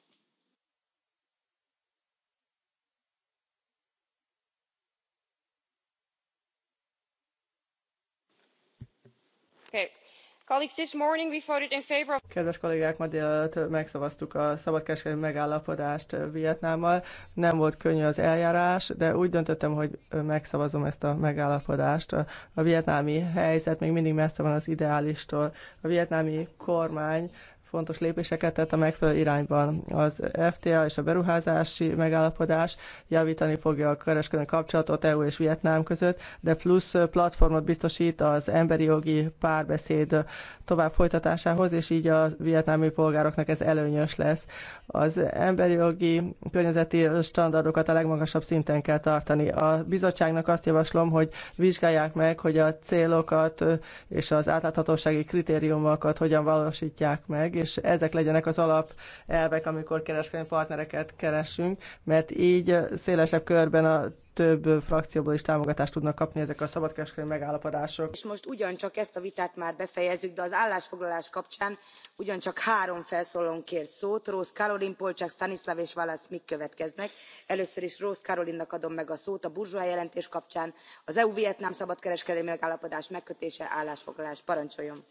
Kedves kollégák, ma délelőtt megszavaztuk a szabadkereskedelmi megállapodást Vietnámmal. Nem volt könnyű az eljárás, de úgy döntöttem, hogy megszavazom ezt a megállapodást. A vietnámi helyzet még mindig messze van az ideálistól. A vietnámi kormány fontos lépéseket tett a megfelelő irányban. Az FTA és a beruházási megállapodás javítani fogja a kereskedelmi kapcsolatot EU és Vietnám között, de plusz platformot biztosít az emberi jogi párbeszéd tovább folytatásához, és így a vietnámi polgároknak ez előnyös lesz. Az emberi jogi környezeti standardokat a legmagasabb szinten kell tartani. A bizottságnak azt javaslom, hogy vizsgálják meg, hogy a célokat és az átláthatósági kritériumokat hogyan valósítják meg, és ezek legyenek az alapelvek, amikor kereskedelmi partnereket keresünk, mert így szélesebb körben a több frakcióból is támogatást tudnak kapni ezek a szabadkereskedelmi megállapodások. És most ugyancsak ezt a vitát már befejezzük, de az állásfoglalás kapcsán ugyancsak három felszólón kért szót. Rósz Karolin, Polcsák, Stanislav és Válasz mik következnek. Először is Rósz Karolinnak adom meg a szót a burzsóá jelentés kapcsán. Az EU-Vietnám szabadkereskedelmi megállapodás megkötése állásfoglalás. Parancsoljon!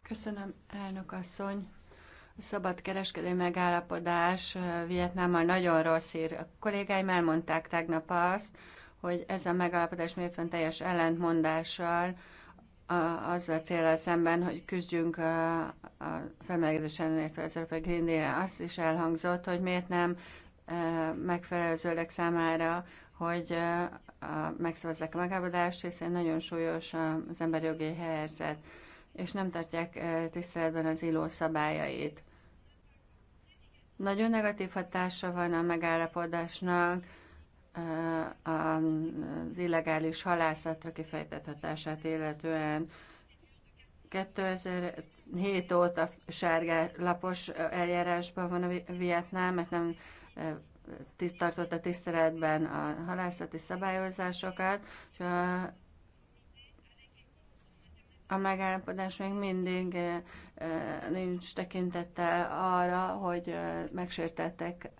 Köszönöm, elnök asszony. A szabad kereskedő megállapodás Vietnámmal nagyon rossz hír. A kollégáim elmondták tegnap azt, hogy ez a megállapodás miért van teljes ellentmondással, a, azzal a célral szemben, hogy küzdjünk a, a felmelegedés ellenért, az Európai Green Deal-re. Azt is elhangzott, hogy miért nem e, megfelelő zöldek számára, hogy e, a, megszavazzák a megállapodást, hiszen nagyon súlyos az jogi helyzet, és nem tartják e, tiszteletben az illó szabályait. Nagyon negatív hatása van a megállapodásnak, e, az illegális halászatra kifejtett hatását illetően. 2007 óta sárga lapos e, eljárásban van a Vietnám, mert nem tartotta tiszteletben a halászati szabályozásokat, és a, a megállapodás még mindig eh, eh, nincs tekintettel arra, hogy eh, megsértettek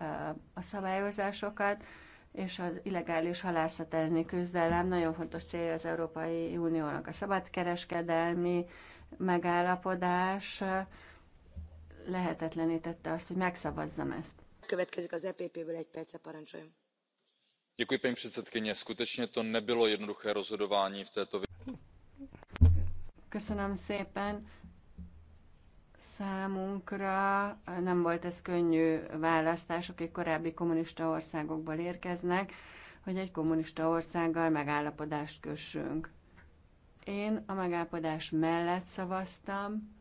a szabályozásokat, és az illegális halászat elleni küzdelem nagyon fontos célja az Európai Uniónak. A szabadkereskedelmi megállapodás lehetetlenítette azt, hogy megszavazzam ezt. E paní předsedající skutečně to nebylo jednoduché rozhodování v této věci. számunkra nem volt ez könnyű választás, akik korábbi kommunista országokból érkeznek, hogy egy kommunista országgal megállapodást kössünk. Én a megállapodás mellett szavaztam,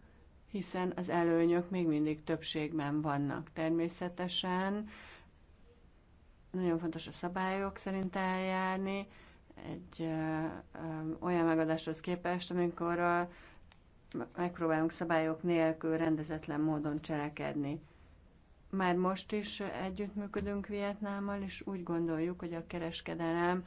hiszen az előnyök még mindig többségben vannak. Természetesen nagyon fontos a szabályok szerint eljárni, egy ö, ö, olyan megadáshoz képest, amikor a, megpróbálunk szabályok nélkül rendezetlen módon cselekedni. Már most is együttműködünk Vietnámmal, és úgy gondoljuk, hogy a kereskedelem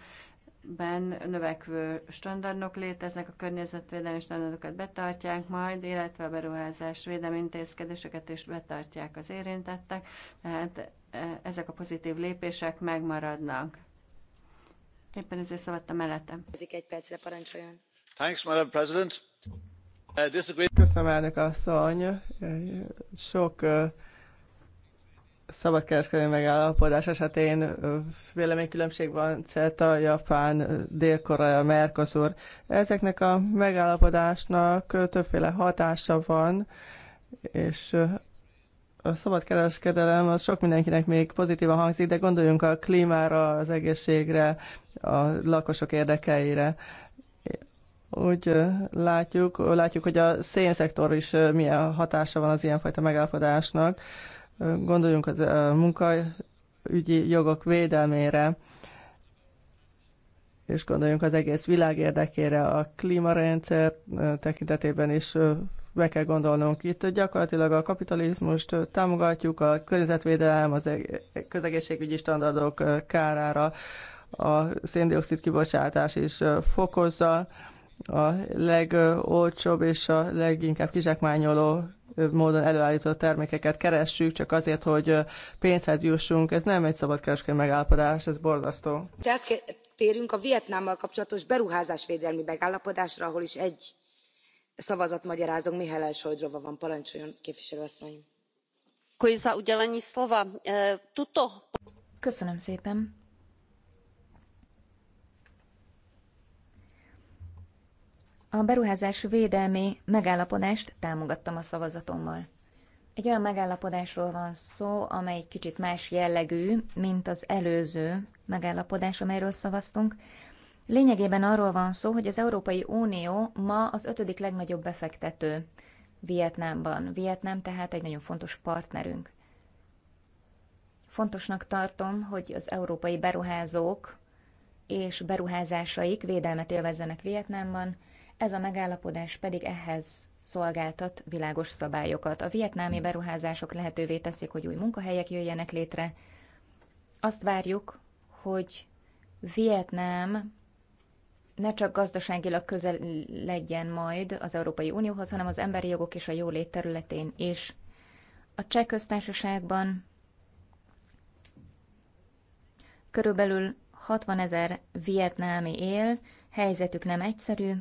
ben növekvő standardok léteznek, a környezetvédelmi standardokat betartják majd, illetve a beruházás védelmi intézkedéseket is betartják az érintettek, tehát e, ezek a pozitív lépések megmaradnak. Éppen ezért szavattam mellettem. Egy percre parancsoljon. Thanks, Madam President. Köszönöm, elnök asszony. Sok szabadkereskedelmi megállapodás esetén véleménykülönbség van CETA, Japán, Dél-Korea, Mercosur. Ezeknek a megállapodásnak többféle hatása van, és a szabadkereskedelem az sok mindenkinek még pozitívan hangzik, de gondoljunk a klímára, az egészségre, a lakosok érdekeire úgy látjuk, látjuk, hogy a szénszektor is milyen hatása van az ilyenfajta megállapodásnak. Gondoljunk az munkaügyi jogok védelmére, és gondoljunk az egész világ érdekére, a klímarendszer tekintetében is be kell gondolnunk. Itt gyakorlatilag a kapitalizmust támogatjuk, a környezetvédelem, az e-, e-, közegészségügyi standardok kárára, a széndiokszid kibocsátás is fokozza, a legolcsóbb és a leginkább kizsákmányoló módon előállított termékeket keressük, csak azért, hogy pénzhez jussunk. Ez nem egy szabadkereskedelmi megállapodás, ez borzasztó. Térünk a Vietnámmal kapcsolatos beruházásvédelmi megállapodásra, ahol is egy szavazat magyarázunk. Mihály Sojdrova van, parancsoljon képviselőasszony. E, Köszönöm szépen. A beruházás védelmi megállapodást támogattam a szavazatommal. Egy olyan megállapodásról van szó, amely egy kicsit más jellegű, mint az előző megállapodás, amelyről szavaztunk. Lényegében arról van szó, hogy az Európai Unió ma az ötödik legnagyobb befektető Vietnámban. Vietnám tehát egy nagyon fontos partnerünk. Fontosnak tartom, hogy az európai beruházók és beruházásaik védelmet élvezzenek Vietnámban, ez a megállapodás pedig ehhez szolgáltat világos szabályokat. A vietnámi beruházások lehetővé teszik, hogy új munkahelyek jöjjenek létre. Azt várjuk, hogy Vietnám ne csak gazdaságilag közel legyen majd az Európai Unióhoz, hanem az emberi jogok és a jólét területén is. A cseh köztársaságban körülbelül 60 ezer vietnámi él, helyzetük nem egyszerű,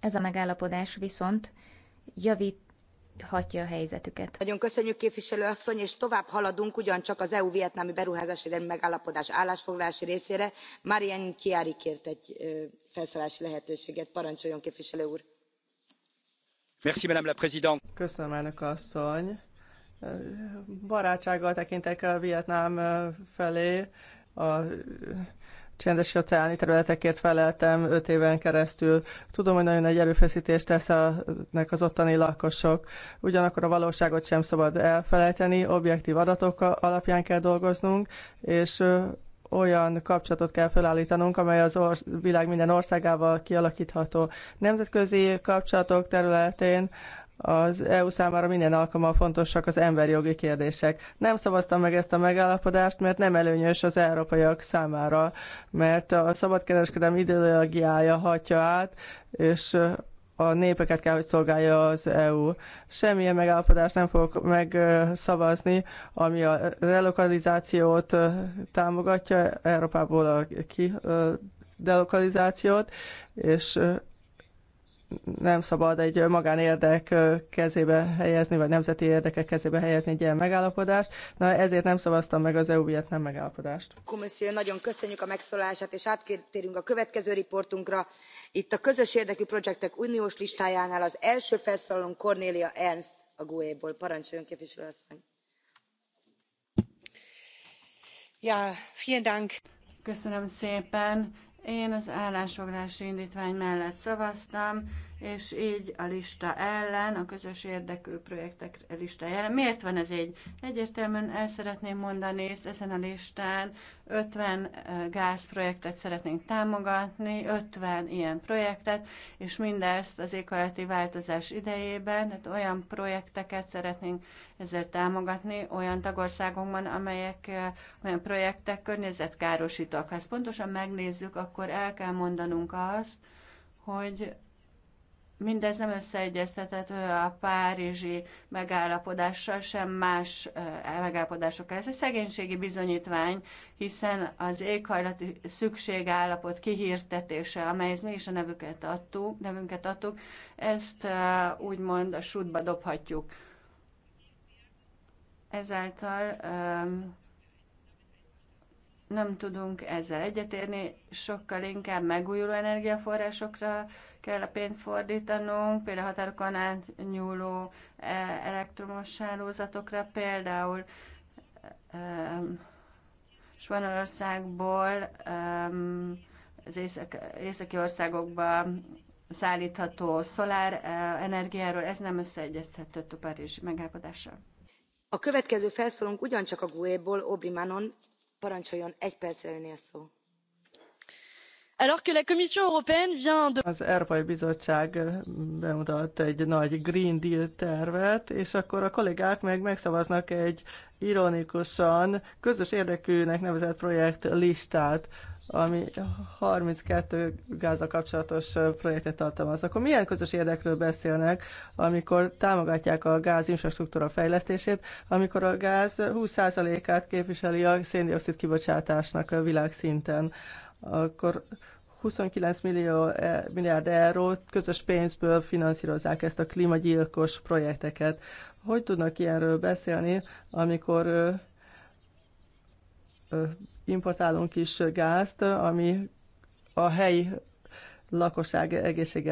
ez a megállapodás viszont javít, hatja a helyzetüket. Nagyon köszönjük képviselő asszony, és tovább haladunk ugyancsak az EU-vietnámi beruházásvédelmi megállapodás állásfoglalási részére. Marian Kiári kért egy felszólási lehetőséget. Parancsoljon képviselő úr. Merci, Madame la Présidente. Köszönöm, elnök asszony. Barátsággal tekintek a Vietnám felé. A csendes oceáni területekért feleltem öt éven keresztül. Tudom, hogy nagyon egy erőfeszítést tesznek az ottani lakosok. Ugyanakkor a valóságot sem szabad elfelejteni, objektív adatok alapján kell dolgoznunk, és olyan kapcsolatot kell felállítanunk, amely az or- világ minden országával kialakítható. Nemzetközi kapcsolatok területén az EU számára minden alkalommal fontosak az emberjogi kérdések. Nem szavaztam meg ezt a megállapodást, mert nem előnyös az európaiak számára, mert a szabadkereskedelem ideológiája hatja át, és a népeket kell, hogy szolgálja az EU. Semmilyen megállapodást nem fogok megszavazni, ami a relokalizációt támogatja, Európából a ki delokalizációt, és nem szabad egy magánérdek kezébe helyezni, vagy nemzeti érdekek kezébe helyezni egy ilyen megállapodást. Na ezért nem szavaztam meg az EU-Vietnám megállapodást. Komisszió, nagyon köszönjük a megszólását, és átkértérünk a következő riportunkra. Itt a közös érdekű projektek uniós listájánál az első felszólalón Cornélia Ernst a GUE-ból. Parancsoljon, képviselő asszony. Ja, vielen Dank. Köszönöm szépen én az állásfoglalási indítvány mellett szavaztam, és így a lista ellen, a közös érdekű projektek lista ellen. Miért van ez így? Egyértelműen el szeretném mondani, ezt ezen a listán 50 gázprojektet szeretnénk támogatni, 50 ilyen projektet, és mindezt az éghajlati változás idejében, tehát olyan projekteket szeretnénk ezzel támogatni olyan tagországokban, amelyek olyan projektek környezetkárosítók. Ha ezt pontosan megnézzük, akkor el kell mondanunk azt, hogy Mindez nem összeegyeztethető a párizsi megállapodással, sem más megállapodásokkal. Ez egy szegénységi bizonyítvány, hiszen az éghajlati szükségállapot kihirtetése, amelyhez mi is a nevüket adtuk, nevünket adtuk, ezt úgymond a sútba dobhatjuk. Ezáltal um, nem tudunk ezzel egyetérni, sokkal inkább megújuló energiaforrásokra kell a pénzt fordítanunk, például határokon átnyúló e, elektromos hálózatokra, például um, e, Svanországból um, e, az észak, északi országokba szállítható szolár energiáról, ez nem összeegyeztethető a Párizsi megállapodással. A következő felszólunk ugyancsak a GUE-ból, Obrimanon az európai bizottság bemutat egy nagy green deal tervet és akkor a kollégák meg megszavaznak egy ironikusan közös érdekűnek nevezett projekt listát ami 32 gáza kapcsolatos projektet tartalmaz. Akkor milyen közös érdekről beszélnek, amikor támogatják a gáz infrastruktúra fejlesztését, amikor a gáz 20%-át képviseli a széndiokszid kibocsátásnak a világszinten, akkor 29 millió, e, milliárd eurót közös pénzből finanszírozzák ezt a klímagyilkos projekteket. Hogy tudnak ilyenről beszélni, amikor importálunk is gázt, ami a helyi lakosság egészsége